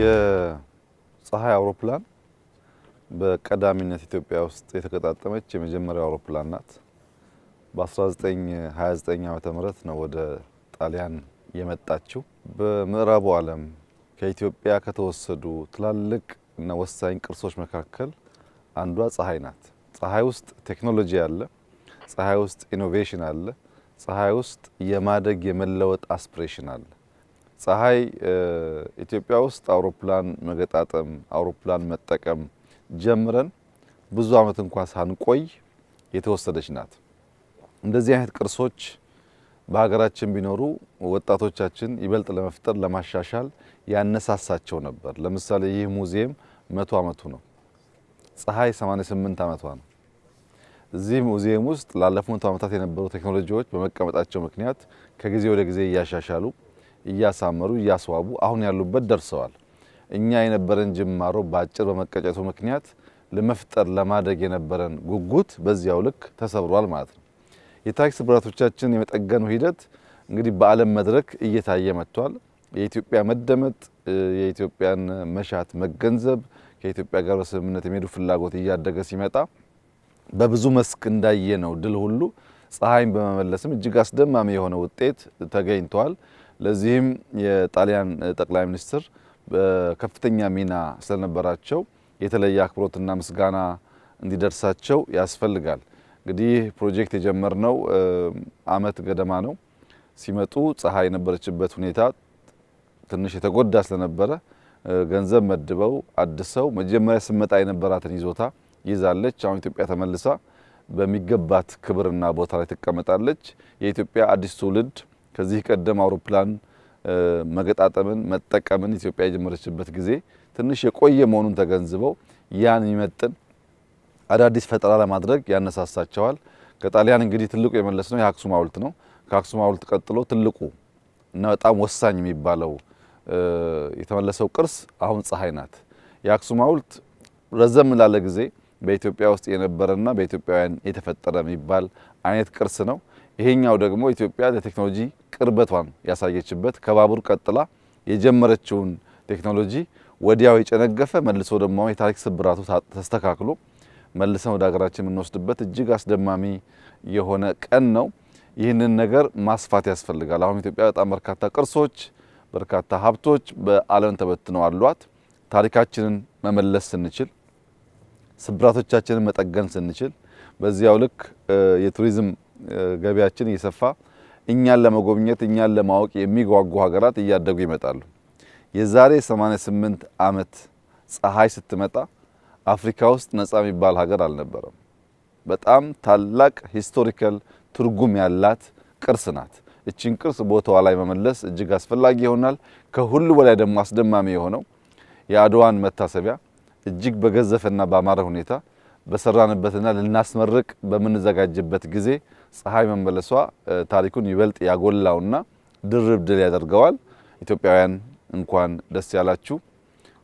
የፀሐይ አውሮፕላን በቀዳሚነት ኢትዮጵያ ውስጥ የተገጣጠመች የመጀመሪያው አውሮፕላን ናት። በ1929 ዓ ም ነው ወደ ጣሊያን የመጣችው። በምዕራቡ ዓለም ከኢትዮጵያ ከተወሰዱ ትላልቅ እና ወሳኝ ቅርሶች መካከል አንዷ ፀሐይ ናት። ፀሐይ ውስጥ ቴክኖሎጂ አለ። ፀሐይ ውስጥ ኢኖቬሽን አለ። ፀሐይ ውስጥ የማደግ የመለወጥ አስፒሬሽን አለ። ፀሐይ ኢትዮጵያ ውስጥ አውሮፕላን መገጣጠም አውሮፕላን መጠቀም ጀምረን ብዙ ዓመት እንኳ ሳንቆይ የተወሰደች ናት። እንደዚህ አይነት ቅርሶች በሀገራችን ቢኖሩ ወጣቶቻችን ይበልጥ ለመፍጠር ለማሻሻል ያነሳሳቸው ነበር። ለምሳሌ ይህ ሙዚየም መቶ ዓመቱ ነው። ፀሐይ 88 ዓመቷ ነው። እዚህ ሙዚየም ውስጥ ላለፉት መቶ ዓመታት የነበሩ ቴክኖሎጂዎች በመቀመጣቸው ምክንያት ከጊዜ ወደ ጊዜ እያሻሻሉ እያሳመሩ እያስዋቡ አሁን ያሉበት ደርሰዋል። እኛ የነበረን ጅማሮ በአጭር በመቀጨቱ ምክንያት ለመፍጠር ለማደግ የነበረን ጉጉት በዚያው ልክ ተሰብሯል ማለት ነው። የታክስ ስብራቶቻችን የመጠገኑ ሂደት እንግዲህ በዓለም መድረክ እየታየ መጥቷል። የኢትዮጵያ መደመጥ፣ የኢትዮጵያን መሻት መገንዘብ፣ ከኢትዮጵያ ጋር በስምምነት የሚሄዱ ፍላጎት እያደገ ሲመጣ በብዙ መስክ እንዳየ ነው ድል ሁሉ ፀሐይን በመመለስም እጅግ አስደማሚ የሆነ ውጤት ተገኝቷል። ለዚህም የጣሊያን ጠቅላይ ሚኒስትር በከፍተኛ ሚና ስለነበራቸው የተለየ አክብሮትና ምስጋና እንዲደርሳቸው ያስፈልጋል። እንግዲህ ፕሮጀክት የጀመርነው አመት ገደማ ነው። ሲመጡ ፀሐይ የነበረችበት ሁኔታ ትንሽ የተጎዳ ስለነበረ ገንዘብ መድበው አድሰው መጀመሪያ ስመጣ የነበራትን ይዞታ ይዛለች። አሁን ኢትዮጵያ ተመልሳ በሚገባት ክብርና ቦታ ላይ ትቀመጣለች። የኢትዮጵያ አዲስ ትውልድ ከዚህ ቀደም አውሮፕላን መገጣጠምን መጠቀምን ኢትዮጵያ የጀመረችበት ጊዜ ትንሽ የቆየ መሆኑን ተገንዝበው ያን የሚመጥን አዳዲስ ፈጠራ ለማድረግ ያነሳሳቸዋል። ከጣሊያን እንግዲህ ትልቁ የመለስ ነው የአክሱም ሐውልት ነው። ከአክሱም ሐውልት ቀጥሎ ትልቁ እና በጣም ወሳኝ የሚባለው የተመለሰው ቅርስ አሁን ፀሐይ ናት። የአክሱም ሐውልት ረዘም ላለ ጊዜ በኢትዮጵያ ውስጥ የነበረና በኢትዮጵያውያን የተፈጠረ የሚባል አይነት ቅርስ ነው። ይሄኛው ደግሞ ኢትዮጵያ ለቴክኖሎጂ ቅርበቷን ያሳየችበት ከባቡር ቀጥላ የጀመረችውን ቴክኖሎጂ ወዲያው የጨነገፈ መልሶ ደግሞ የታሪክ ስብራቱ ተስተካክሎ መልሰን ወደ ሀገራችን የምንወስድበት እጅግ አስደማሚ የሆነ ቀን ነው። ይህንን ነገር ማስፋት ያስፈልጋል። አሁን ኢትዮጵያ በጣም በርካታ ቅርሶች፣ በርካታ ሀብቶች በዓለም ተበትነው አሏት። ታሪካችንን መመለስ ስንችል፣ ስብራቶቻችንን መጠገን ስንችል፣ በዚያው ልክ የቱሪዝም ገበያችን እየሰፋ እኛን ለመጎብኘት እኛን ለማወቅ የሚጓጉ ሀገራት እያደጉ ይመጣሉ። የዛሬ 88 ዓመት ፀሐይ ስትመጣ አፍሪካ ውስጥ ነፃ የሚባል ሀገር አልነበረም። በጣም ታላቅ ሂስቶሪካል ትርጉም ያላት ቅርስ ናት። እችን ቅርስ ቦታዋ ላይ መመለስ እጅግ አስፈላጊ ይሆናል። ከሁሉ በላይ ደግሞ አስደማሚ የሆነው የአድዋን መታሰቢያ እጅግ በገዘፈና ባማረ ሁኔታ በሰራንበትና ልናስመርቅ በምንዘጋጅበት ጊዜ ፀሐይ መመለሷ ታሪኩን ይበልጥ ያጎላውና ድርብ ድል ያደርገዋል። ኢትዮጵያውያን እንኳን ደስ ያላችሁ።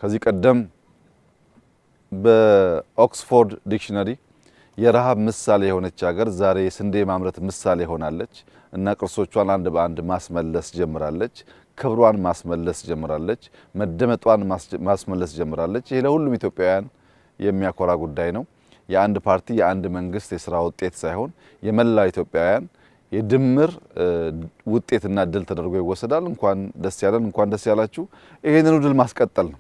ከዚህ ቀደም በኦክስፎርድ ዲክሽነሪ የረሃብ ምሳሌ የሆነች ሀገር ዛሬ ስንዴ ማምረት ምሳሌ ሆናለች እና ቅርሶቿን አንድ በአንድ ማስመለስ ጀምራለች። ክብሯን ማስመለስ ጀምራለች። መደመጧን ማስመለስ ጀምራለች። ይሄ ለሁሉም ኢትዮጵያውያን የሚያኮራ ጉዳይ ነው። የአንድ ፓርቲ የአንድ መንግስት የስራ ውጤት ሳይሆን የመላ ኢትዮጵያውያን የድምር ውጤትና ድል ተደርጎ ይወሰዳል። እንኳን ደስ ያለን፣ እንኳን ደስ ያላችሁ። ይህንኑ ድል ማስቀጠል ነው።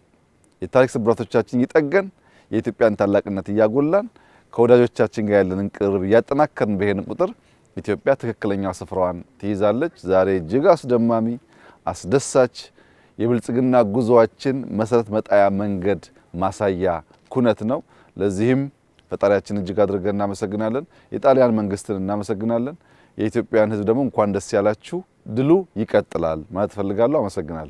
የታሪክ ስብራቶቻችን ይጠገን፣ የኢትዮጵያን ታላቅነት እያጎላን ከወዳጆቻችን ጋር ያለንን ቅርብ እያጠናከርን በሄን ቁጥር ኢትዮጵያ ትክክለኛ ስፍራዋን ትይዛለች። ዛሬ እጅግ አስደማሚ አስደሳች የብልጽግና ጉዞዋችን መሰረት መጣያ መንገድ ማሳያ ኩነት ነው። ለዚህም ፈጣሪያችን እጅግ አድርገን እናመሰግናለን። የጣሊያን መንግስትን እናመሰግናለን። የኢትዮጵያን ህዝብ ደግሞ እንኳን ደስ ያላችሁ፣ ድሉ ይቀጥላል ማለት እፈልጋለሁ። አመሰግናለሁ።